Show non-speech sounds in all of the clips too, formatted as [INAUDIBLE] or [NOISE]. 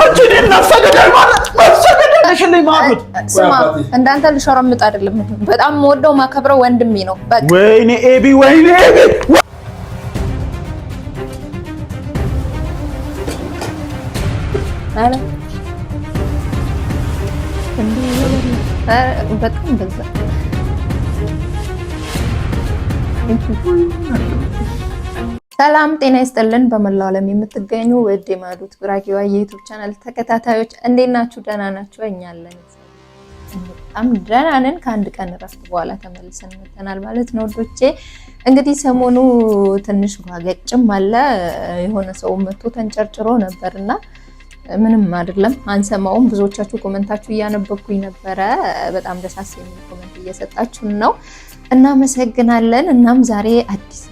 አንቺ እኔን ነፍሰ ገዳይ ማለት ነፍሰ ገዳይ ስማ፣ እንዳንተ ልሸረምጥ አይደለም። በጣም የምወደው ማከብረው ወንድሜ ነው። ወይኔ ኤቢ፣ ወይኔ ኤቢ በጣም በዛ ሰላም ጤና ይስጥልን። በመላው ዓለም የምትገኙ ውድ የማዕዶት ጉራጌዋ የዩቱብ ቻናል ተከታታዮች እንዴት ናችሁ? ደህና ናችሁ? እኛ በጣም ደህና ነን። ከአንድ ቀን እረፍት በኋላ ተመልሰን መተናል ማለት ነው ወዶቼ። እንግዲህ ሰሞኑ ትንሽ ጓገጭም አለ የሆነ ሰው መቶ ተንጨርጭሮ ነበርና ምንም አይደለም፣ አንሰማውም። ብዙዎቻችሁ ኮመንታችሁ እያነበብኩኝ ነበረ። በጣም ደሳስ የሚል ኮመንት እየሰጣችሁን ነው፣ እናመሰግናለን። እናም ዛሬ አዲስ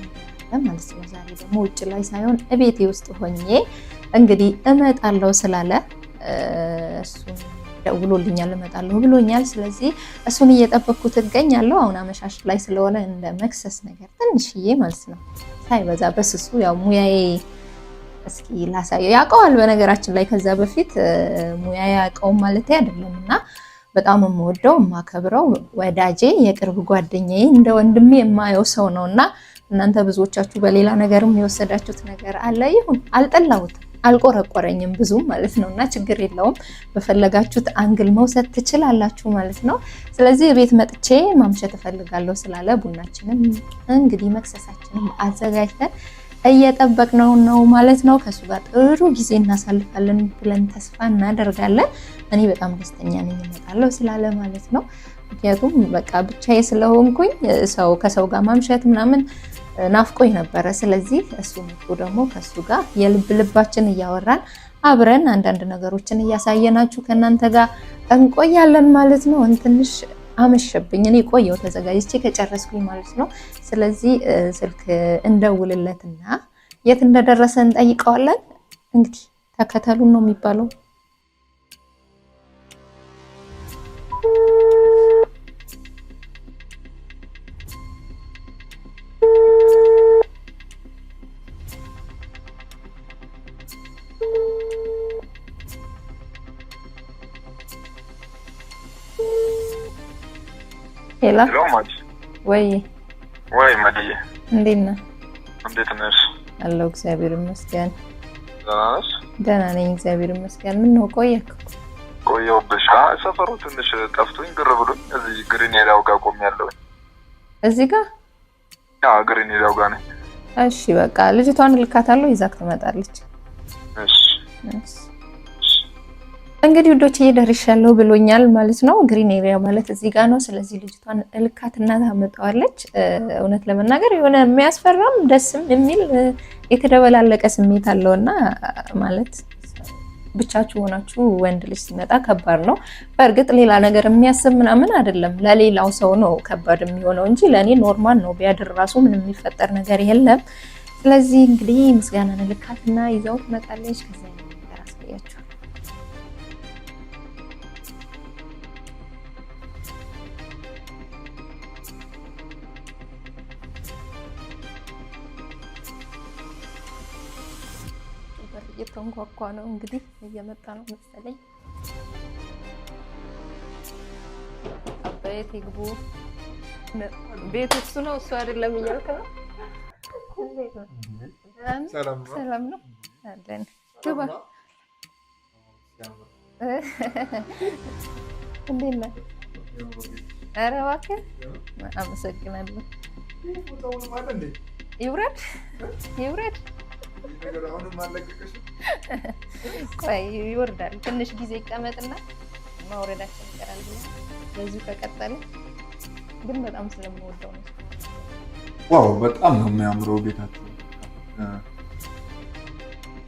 ማለት ነው። ዛሬ ደግሞ ውጭ ላይ ሳይሆን እቤቴ ውስጥ ሆኜ እንግዲህ እመጣለሁ ስላለ እሱ ደውሎልኛል እመጣለሁ ብሎኛል። ስለዚህ እሱን እየጠበቅኩት እገኛለሁ። አሁን አመሻሽ ላይ ስለሆነ እንደ መክሰስ ነገር ትንሽዬ ማለት ነው ሳይበዛ በስሱ ያው ሙያዬ እስኪ ላሳየው። ያውቀዋል በነገራችን ላይ ከዛ በፊት ሙያ ያውቀውም ማለት አይደለም እና በጣም የምወደው የማከብረው ወዳጄ የቅርብ ጓደኛዬ እንደ ወንድሜ የማየው ሰው ነው እና እናንተ ብዙዎቻችሁ በሌላ ነገርም የወሰዳችሁት ነገር አለ። ይሁን አልጠላሁትም፣ አልቆረቆረኝም ብዙ ማለት ነው እና ችግር የለውም። በፈለጋችሁት አንግል መውሰድ ትችላላችሁ ማለት ነው። ስለዚህ ቤት መጥቼ ማምሸት እፈልጋለሁ ስላለ ቡናችንም እንግዲህ መክሰሳችንም አዘጋጅተን እየጠበቅነው ነው ማለት ነው። ከእሱ ጋር ጥሩ ጊዜ እናሳልፋለን ብለን ተስፋ እናደርጋለን። እኔ በጣም ደስተኛ ነኝ እመጣለሁ ስላለ ማለት ነው። ምክንያቱም በቃ ብቻዬ ስለሆንኩኝ ሰው ከሰው ጋር ማምሸት ምናምን ናፍቆኝ ነበረ። ስለዚህ እሱ ምቁ ደግሞ ከሱ ጋር የልብ ልባችን እያወራን አብረን አንዳንድ ነገሮችን እያሳየናችሁ ከእናንተ ጋር እንቆያለን ማለት ነው። ትንሽ አመሸብኝ እኔ ቆየው ተዘጋጅቼ ከጨረስኩኝ ማለት ነው። ስለዚህ ስልክ እንደውልለትና የት እንደደረሰ እንጠይቀዋለን። እንግዲህ ተከተሉን ነው የሚባለው። ሄላ ወይ ወይ መድዬ እንዴት ነህ? እንዴት ነሽ? አለው እግዚአብሔር ይመስገን። ደህና ነሽ? ደህና ነኝ እግዚአብሔር ይመስገን። ምን ነው ቆየህ? ቆየሁብሽ። ሰፈሩ ትንሽ ጠፍቶኝ ግር ብሎኝ እዚህ ግሪን ሄዳው ጋር ቆም ያለው እዚህ ጋር? አዎ ግሪን ሄዳው ጋር ነኝ። እሺ በቃ ልጅቷን ልካታለሁ፣ ይዛክ ትመጣለች። እሺ እሺ እንግዲህ ውዶች እየደርሻለሁ ብሎኛል ማለት ነው። ግሪን ኤሪያ ማለት እዚህ ጋር ነው። ስለዚህ ልጅቷን እልካትና ታመጣዋለች። እውነት ለመናገር የሆነ የሚያስፈራም ደስም የሚል የተደበላለቀ ስሜት አለው እና ማለት ብቻችሁ ሆናችሁ ወንድ ልጅ ሲመጣ ከባድ ነው። በእርግጥ ሌላ ነገር የሚያስብ ምናምን አይደለም። ለሌላው ሰው ነው ከባድ የሚሆነው እንጂ ለእኔ ኖርማል ነው። ቢያድር ራሱ ምንም የሚፈጠር ነገር የለም። ስለዚህ እንግዲህ ምስጋናን እልካትና ይዘው ትመጣለች። ከዚያ ነገር አሳያችሁ እያንጓጓ ነው። እንግዲህ እየመጣ ነው መሰለኝ። አበየት ይግቡ። ቤት እሱ ነው እሱ አይደለም እያልክ ነው። ሰላም ነው አለን። ግባ። እንዴት ነህ? ኧረ እባክህ አመሰግናለሁ። ይውረድ ይውረድ ቆይ ይወርዳል። ትንሽ ጊዜ ይቀመጥና ማውረዳችን ይቀራል። በዚሁ ከቀጠለ ግን በጣም ስለምወደው ነው። ዋው በጣም ነው የሚያምረው ቤታችሁ።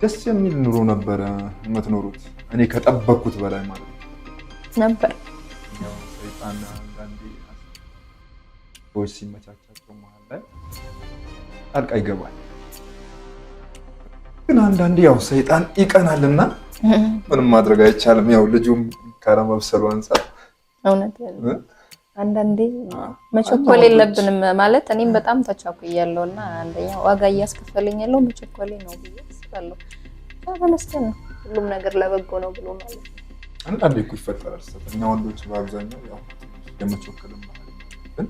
ደስ የሚል ኑሮ ነበረ የምትኖሩት። እኔ ከጠበቅኩት በላይ ማለት ነበር። ሰይጣን አንዳንዴ ሰዎች ሲመቻቻቸው መሀል ላይ ጣልቃ ይገባል። ግን አንዳንድ ያው ሰይጣን ይቀናልና [LAUGHS] ምንም ማድረግ አይቻልም። ያው ልጁም ካለመብሰሉ አንጻር እውነት አንዳንዴ መቸኮል የለብንም ማለት እኔም በጣም ተቻኩያለሁ እና አንደኛ ዋጋ እያስከፈለኝ ያለው መቸኮሌ ነው ብዬ አስባለሁ። ተመስገን ነው ሁሉም ነገር ለበጎ ነው ብሎ ማለት ነው። አንዳንዴ እኮ ይፈጠራል ስህተት። እኛ ወንዶች በአብዛኛው ያው የመቸኮልም ግን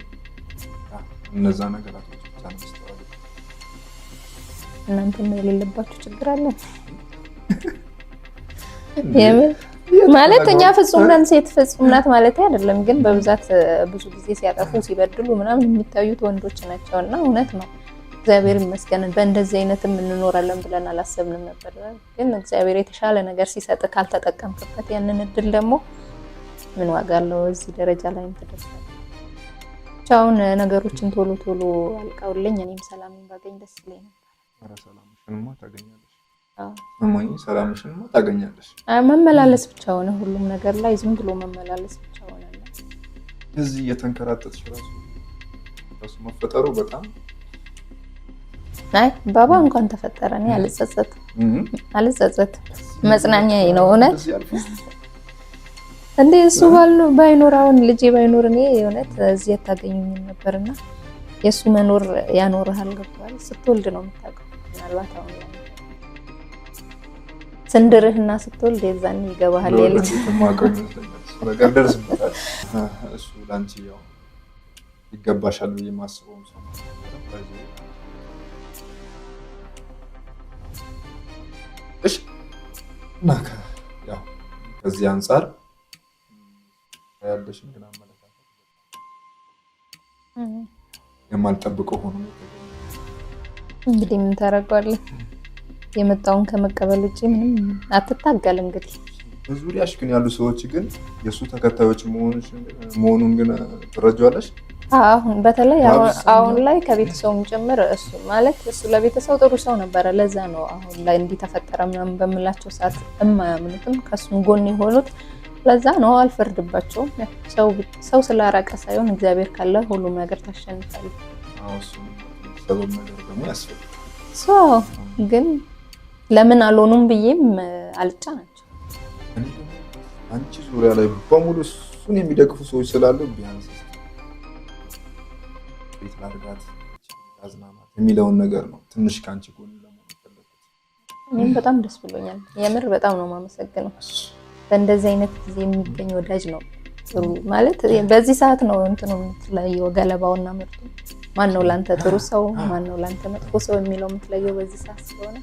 እነዛ ነገራቶች ብቻ እናንተም የሌለባችሁ ችግር አለ ማለት እኛ ፍጹም ነን፣ ሴት ፍጹም ናት ማለት አይደለም። ግን በብዛት ብዙ ጊዜ ሲያጠፉ ሲበድሉ ምናምን የሚታዩት ወንዶች ናቸው እና እውነት ነው። እግዚአብሔር ይመስገን በእንደዚህ አይነትም እንኖራለን ብለን አላሰብንም ነበር። ግን እግዚአብሔር የተሻለ ነገር ሲሰጥ ካልተጠቀምክበት ያንን እድል ደግሞ ምን ዋጋ አለው? እዚህ ደረጃ ላይ ተደርሷል። ብቻውን ነገሮችን ቶሎ ቶሎ አልቀውልኝ እኔም ሰላምን ባገኝ ደስ ይለኛል። ሰላምሽንማ ታገኛለሽ። መመላለስ ብቻ ሆነ፣ ሁሉም ነገር ላይ ዝም ብሎ መመላለስ ብቻ ሆነ። እዚህ እየተንከራተትሽ ራሱ መፈጠሩ በጣም አይ ባባ እንኳን ተፈጠረ። እኔ አልጸጸትም አልጸጸትም፣ መጽናኛዬ ነው እውነት እንዴ እሱ ባይኖር አሁን ልጄ ባይኖር እኔ እውነት እዚህ አታገኙኝም ነበርና የእሱ መኖር ያኖርሃል። ገብቶሃል? ስትወልድ ነው የምታውቀው። ምናልባት አሁን ስንድርህና ስትወልድ የዛን ይገባሃል። የልጅ ነገር ደርስበታል። እሱ ለአንቺ ያው ይገባሻል ብዬ የማስበው ሰው እና ከዚህ አንጻር ያለሽ ግን አመለካከት የማልጠብቀው ሆኖ ነው። እንግዲህ ምን ታደርገዋለህ? የመጣውን ከመቀበል ውጭ ምንም አትታገል። እንግዲህ በዙሪያሽ ግን ያሉ ሰዎች ግን የእሱ ተከታዮች መሆኑን ግን ትረጃለሽ። አሁን በተለይ አሁን ላይ ከቤተሰቡም ጭምር እሱ ማለት እሱ ለቤተሰብ ጥሩ ሰው ነበረ። ለዛ ነው አሁን ላይ እንዲህ ተፈጠረ ምናምን በምላቸው ሰዓት እማያምኑትም ከእሱም ጎን የሆኑት ለዛ ነው። አልፈርድባቸውም። ሰው ስላራቀ ሳይሆን እግዚአብሔር ካለ ሁሉም ነገር ታሸንፋለህ። የሚጠበብ ነገር ደግሞ ያስፈልጋል። ግን ለምን አልሆኑም ብዬም አልጫ ናቸው። አንቺ ዙሪያ ላይ በሙሉ እሱን የሚደግፉ ሰዎች ስላሉ ቢያንስ ቤት ላድርጋት፣ አዝናናት የሚለውን ነገር ነው ትንሽ ከአንቺ ጎን እኔም በጣም ደስ ብሎኛል። የምር በጣም ነው የማመሰግነው። በእንደዚህ አይነት ጊዜ የሚገኝ ወዳጅ ነው ጥሩ ማለት በዚህ ሰዓት ነው እንትኑ የምትለየው ገለባውና ምርጡ። ማን ነው ላንተ ጥሩ ሰው፣ ማን ነው ላንተ መጥፎ ሰው የሚለው የምትለየው በዚህ ሰዓት ስለሆነ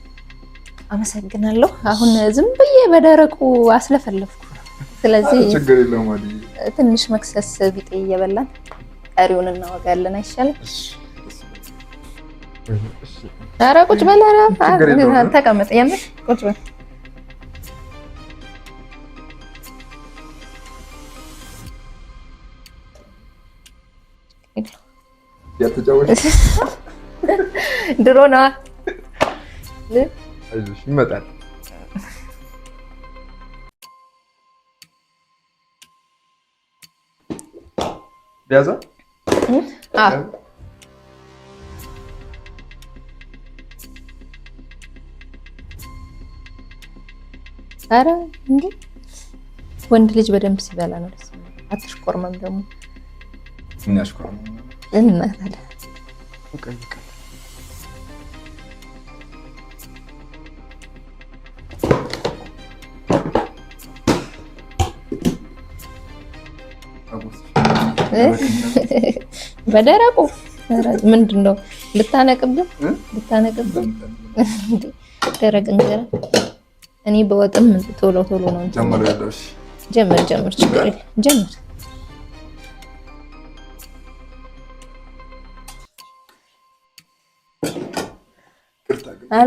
አመሰግናለሁ። አሁን ዝም ብዬ በደረቁ አስለፈለፍኩ። ስለዚህ ትንሽ መክሰስ ቢጤ እየበላን ቀሪውን እናወጋለን አይሻልም? ኧረ ቁጭ በል፣ ተቀመጥ፣ የምር ቁጭ በል ድሮ ነዋ። ይመጣል። ቢያዛ ኧረ እንደ ወንድ ልጅ በደንብ ሲበላ ነው ደስ አትሽቆርመም ደግሞ የሚያስኮረው እና እንመለ በደረቁ ምንድን ነው ልታነቅብን ልታነቅብን? ደረቅ እንጀራ እኔ በወጥም ቶሎ ቶሎ ነው ጀምር ጀምር ችግር የለም ጀምር ኧረ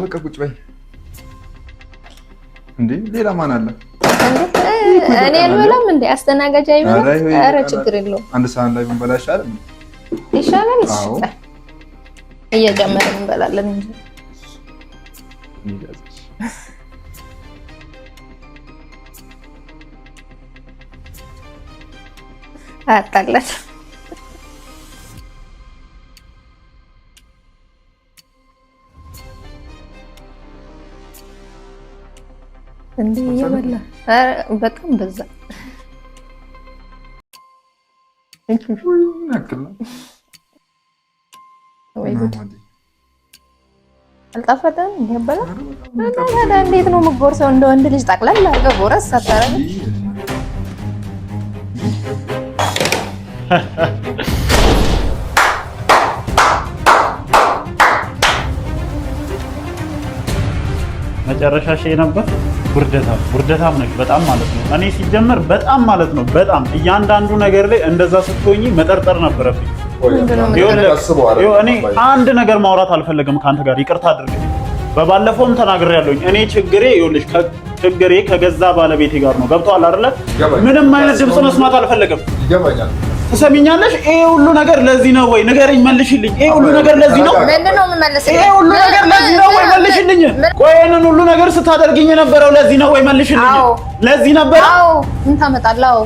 በቃ ቁጭ በይ። እንዴ ሌላ ማን አለ? እኔ አልበላም። እንደ አስተናጋጅ አይበላም። ኧረ ችግር የለውም። አንድ ሰሃን ላይ ብንበላ ይሻላል ይሻላል። እየጨመርን እንበላለን እንጂ አያጣለት በጣም በዛ። አልጣፈጠም። ይበላ። እንዴት ነው የምትጎርሰው? እንደ ወንድ ልጅ ጠቅላላ አድርገህ ጎረስ ሳታረግ መጨረሻ ሸይ ነበር። ውርደታም ውርደታም ነች በጣም ማለት ነው። እኔ ሲጀመር በጣም ማለት ነው በጣም እያንዳንዱ ነገር ላይ እንደዛ ስትሆኝ መጠርጠር ነበረብኝ። እኔ አንድ ነገር ማውራት አልፈለግም ከአንተ ጋር ይቅርታ አድርግ። በባለፈውም ያለኝ እኔ ችግሬ ይኸውልሽ ችግሬ ከገዛ ባለቤቴ ጋር ነው። ገብቶሃል አይደለ? ምንም አይነት ድምፅ መስማት አልፈለግም። ትሰሚኛለሽ? ይሄ ሁሉ ነገር ለዚህ ነው ወይ ንገረኝ፣ መልሽልኝ። ይሄ ሁሉ ነገር ለዚህ ነው? ይሄ ሁሉ ነገር ለዚህ ነው ወይ መልሽልኝ። ቆይ ይሄንን ሁሉ ነገር ስታደርግኝ የነበረው ለዚህ ነው ወይ መልሽልኝ። ለዚህ ነበረ። ምን ታመጣለህ?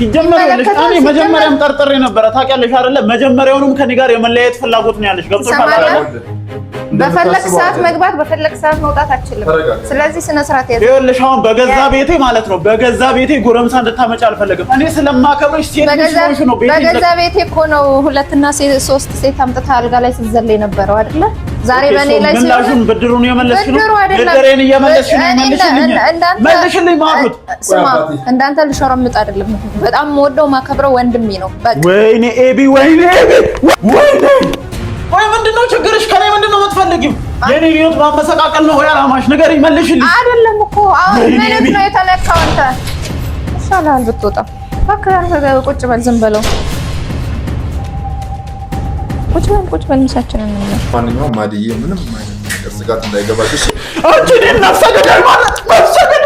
ሲጀመር ያለሽ እኔ መጀመሪያም ጠርጥሬ ነበረ። ታውቂያለሽ አይደለ? መጀመሪያውንም ከኔ ጋር የመለያየት ፍላጎት ነው ያለሽ። ገብቶሻል አይደለ? በፈለግ ሰዓት መግባት በፈለግ ሰዓት መውጣት አችልም። ስለዚህ ስነ ስርዓት ያዘ። ይኸውልሽ አሁን በገዛ ቤቴ ማለት ነው፣ በገዛ ቤቴ ጎረምሳ እንድታመጪ አልፈለግም። እኔ ስለማከብርሽ ሴት ልጅ ነው። በገዛ ቤቴ እኮ ነው ሁለትና ሶስት ሴት አምጥታ አልጋ ላይ ስትዘለ የነበረው አይደለ? ዛሬ በእኔ ላይ ሲሆን ብድሩን የመለስሽ ነው። ብድሬን እየመለስሽ ነው። መልሽልኝ፣ መልሽልኝ ማሁት ስማ፣ እንዳንተ ልሸረምጥ አይደለም። በጣም ወደው ማከብረው ወንድሜ ነው። ወይኔ ኤቢ፣ ወይኔ ኤቢ፣ ወይኔ አልፈልግም። የኔ ህይወት ማመሰቃቀል ነው ወይ አላማሽ? ነገር ይመልሽልኝ። አይደለም እኮ አሁን ምንም ነው የተነካው። አንተ ይሻላል ብትወጣ እባክህ። አንተ ቁጭ በል፣ ዝም ብለው ቁጭ በል፣ ቁጭ በል። ምሳችንን እንመር። ማንኛውም ማድዬ፣ ምንም አይነት ነገር ስጋት እንዳይገባሽ አንቺ እኔን ነፍሰ ገዳይ ማለት ነፍሰ ገዳይ